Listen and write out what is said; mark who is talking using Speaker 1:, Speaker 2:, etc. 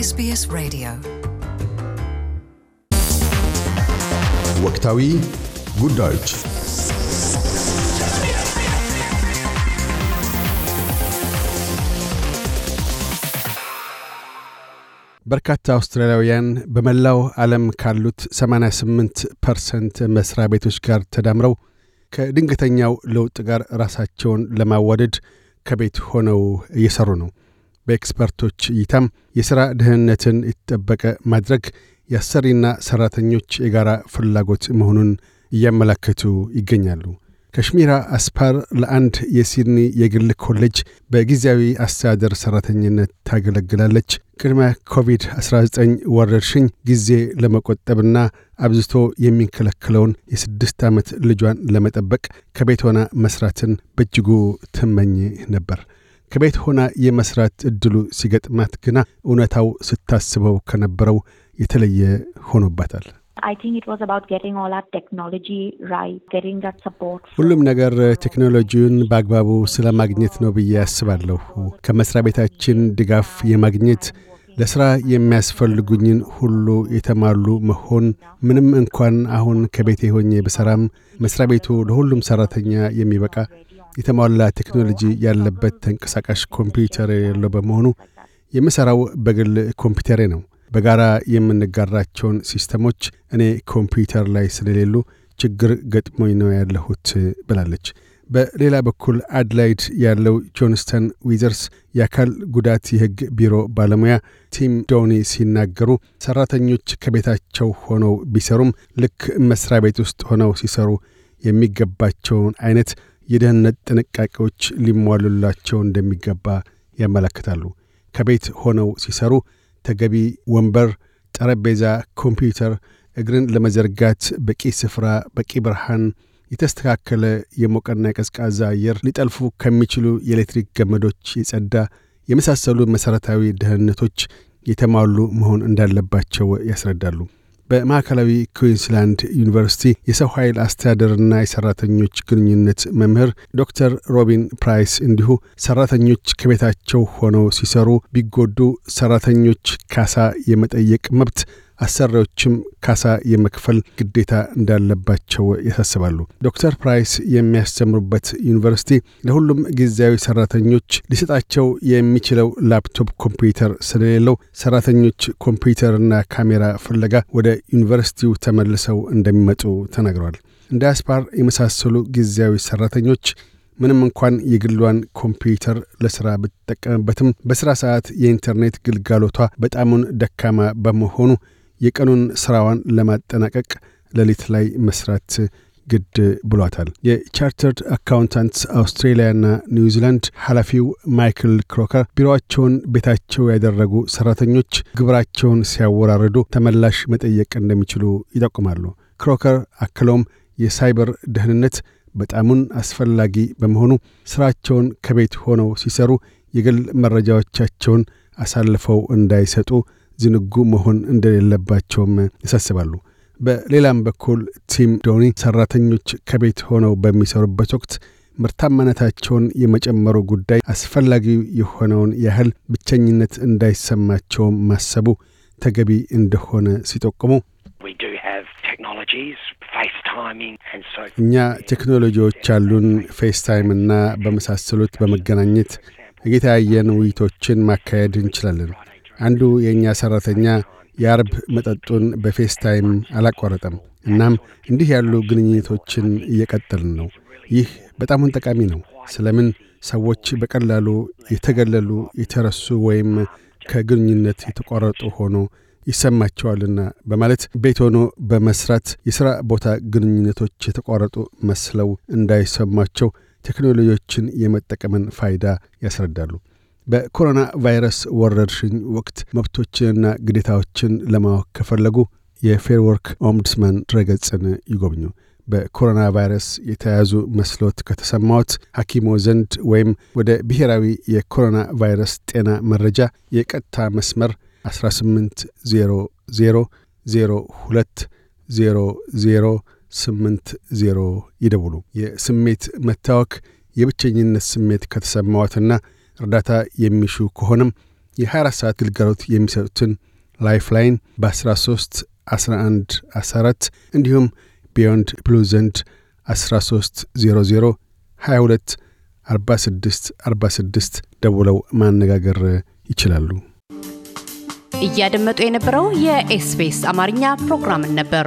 Speaker 1: ኤስቢኤስ Radio. ወቅታዊ ጉዳዮች በርካታ አውስትራሊያውያን በመላው ዓለም ካሉት 88 ፐርሰንት መሥሪያ ቤቶች ጋር ተዳምረው ከድንገተኛው ለውጥ ጋር ራሳቸውን ለማዋደድ ከቤት ሆነው እየሰሩ ነው። በኤክስፐርቶች እይታም የሥራ ደህንነትን የተጠበቀ ማድረግ የአሰሪና ሠራተኞች የጋራ ፍላጎት መሆኑን እያመላከቱ ይገኛሉ። ከሽሚራ አስፓር ለአንድ የሲድኒ የግል ኮሌጅ በጊዜያዊ አስተዳደር ሠራተኝነት ታገለግላለች። ቅድመ ኮቪድ-19 ወረርሽኝ ጊዜ ለመቆጠብና አብዝቶ የሚንከለክለውን የስድስት ዓመት ልጇን ለመጠበቅ ከቤት ሆና መሥራትን በእጅጉ ትመኝ ነበር። ከቤት ሆና የመስራት እድሉ ሲገጥማት ግና እውነታው ስታስበው ከነበረው የተለየ ሆኖባታል። ሁሉም ነገር ቴክኖሎጂውን በአግባቡ ስለማግኘት ነው ብዬ አስባለሁ። ከመስሪያ ቤታችን ድጋፍ የማግኘት ለሥራ የሚያስፈልጉኝን ሁሉ የተሟሉ መሆን፣ ምንም እንኳን አሁን ከቤቴ ሆኜ ብሰራም መስሪያ ቤቱ ለሁሉም ሠራተኛ የሚበቃ የተሟላ ቴክኖሎጂ ያለበት ተንቀሳቃሽ ኮምፒውተር የለው በመሆኑ የምሠራው በግል ኮምፒውተሬ ነው። በጋራ የምንጋራቸውን ሲስተሞች እኔ ኮምፒውተር ላይ ስለሌሉ ችግር ገጥሞኝ ነው ያለሁት ብላለች። በሌላ በኩል አድላይድ ያለው ጆንስተን ዊዘርስ የአካል ጉዳት የሕግ ቢሮ ባለሙያ ቲም ዶኒ ሲናገሩ ሰራተኞች ከቤታቸው ሆነው ቢሰሩም ልክ መስሪያ ቤት ውስጥ ሆነው ሲሰሩ የሚገባቸውን አይነት የደህንነት ጥንቃቄዎች ሊሟሉላቸው እንደሚገባ ያመለክታሉ። ከቤት ሆነው ሲሰሩ ተገቢ ወንበር፣ ጠረጴዛ፣ ኮምፒውተር፣ እግርን ለመዘርጋት በቂ ስፍራ፣ በቂ ብርሃን፣ የተስተካከለ የሞቀና የቀዝቃዛ አየር፣ ሊጠልፉ ከሚችሉ የኤሌክትሪክ ገመዶች የጸዳ የመሳሰሉ መሠረታዊ ደህንነቶች የተሟሉ መሆን እንዳለባቸው ያስረዳሉ። በማዕከላዊ ኩዊንስላንድ ዩኒቨርሲቲ የሰው ኃይል አስተዳደርና የሠራተኞች ግንኙነት መምህር ዶክተር ሮቢን ፕራይስ እንዲሁ ሠራተኞች ከቤታቸው ሆነው ሲሰሩ ቢጎዱ ሠራተኞች ካሳ የመጠየቅ መብት አሰሪዎችም ካሳ የመክፈል ግዴታ እንዳለባቸው ያሳስባሉ። ዶክተር ፕራይስ የሚያስተምሩበት ዩኒቨርሲቲ ለሁሉም ጊዜያዊ ሰራተኞች ሊሰጣቸው የሚችለው ላፕቶፕ ኮምፒውተር ስለሌለው ሰራተኞች ኮምፒውተርና ካሜራ ፍለጋ ወደ ዩኒቨርሲቲው ተመልሰው እንደሚመጡ ተናግረዋል። እንደ አስፓር የመሳሰሉ ጊዜያዊ ሰራተኞች ምንም እንኳን የግሏን ኮምፒውተር ለሥራ ብትጠቀምበትም በሥራ ሰዓት የኢንተርኔት ግልጋሎቷ በጣሙን ደካማ በመሆኑ የቀኑን ስራዋን ለማጠናቀቅ ሌሊት ላይ መስራት ግድ ብሏታል። የቻርተርድ አካውንታንት አውስትሬሊያና ኒውዚላንድ ኃላፊው ማይክል ክሮከር ቢሮአቸውን ቤታቸው ያደረጉ ሰራተኞች ግብራቸውን ሲያወራርዱ ተመላሽ መጠየቅ እንደሚችሉ ይጠቁማሉ። ክሮከር አክለውም የሳይበር ደህንነት በጣሙን አስፈላጊ በመሆኑ ስራቸውን ከቤት ሆነው ሲሰሩ የግል መረጃዎቻቸውን አሳልፈው እንዳይሰጡ ዝንጉ መሆን እንደሌለባቸውም ያሳስባሉ። በሌላም በኩል ቲም ዶኒ ሰራተኞች ከቤት ሆነው በሚሰሩበት ወቅት ምርታማነታቸውን የመጨመሩ ጉዳይ አስፈላጊ የሆነውን ያህል ብቸኝነት እንዳይሰማቸውም ማሰቡ ተገቢ እንደሆነ ሲጠቁሙ እኛ ቴክኖሎጂዎች አሉን፣ ፌስታይም እና በመሳሰሉት በመገናኘት እየተያየን ውይይቶችን ማካሄድ እንችላለን። አንዱ የእኛ ሠራተኛ የአርብ መጠጡን በፌስታይም አላቋረጠም። እናም እንዲህ ያሉ ግንኙነቶችን እየቀጠልን ነው። ይህ በጣም ጠቃሚ ነው። ስለምን ሰዎች በቀላሉ የተገለሉ፣ የተረሱ ወይም ከግንኙነት የተቋረጡ ሆኖ ይሰማቸዋልና በማለት ቤት ሆኖ በመስራት የሥራ ቦታ ግንኙነቶች የተቋረጡ መስለው እንዳይሰማቸው ቴክኖሎጂዎችን የመጠቀምን ፋይዳ ያስረዳሉ። በኮሮና ቫይረስ ወረርሽኝ ወቅት መብቶችንና ግዴታዎችን ለማወቅ ከፈለጉ የፌርወርክ ኦምቡድስማን ድረገጽን ይጎብኙ። በኮሮና ቫይረስ የተያዙ መስሎት ከተሰማዎት ሐኪሞ ዘንድ ወይም ወደ ብሔራዊ የኮሮና ቫይረስ ጤና መረጃ የቀጥታ መስመር 1800 ይደውሉ። የስሜት መታወክ፣ የብቸኝነት ስሜት ከተሰማዎትና እርዳታ የሚሹ ከሆነም የ24 ሰዓት ግልጋሎት የሚሰጡትን ላይፍላይን በ13 11 እንዲሁም ቢዮንድ ብሉ ዘንድ 46 ደውለው ማነጋገር ይችላሉ። እያደመጡ የነበረው የኤስፔስ አማርኛ ፕሮግራምን ነበር።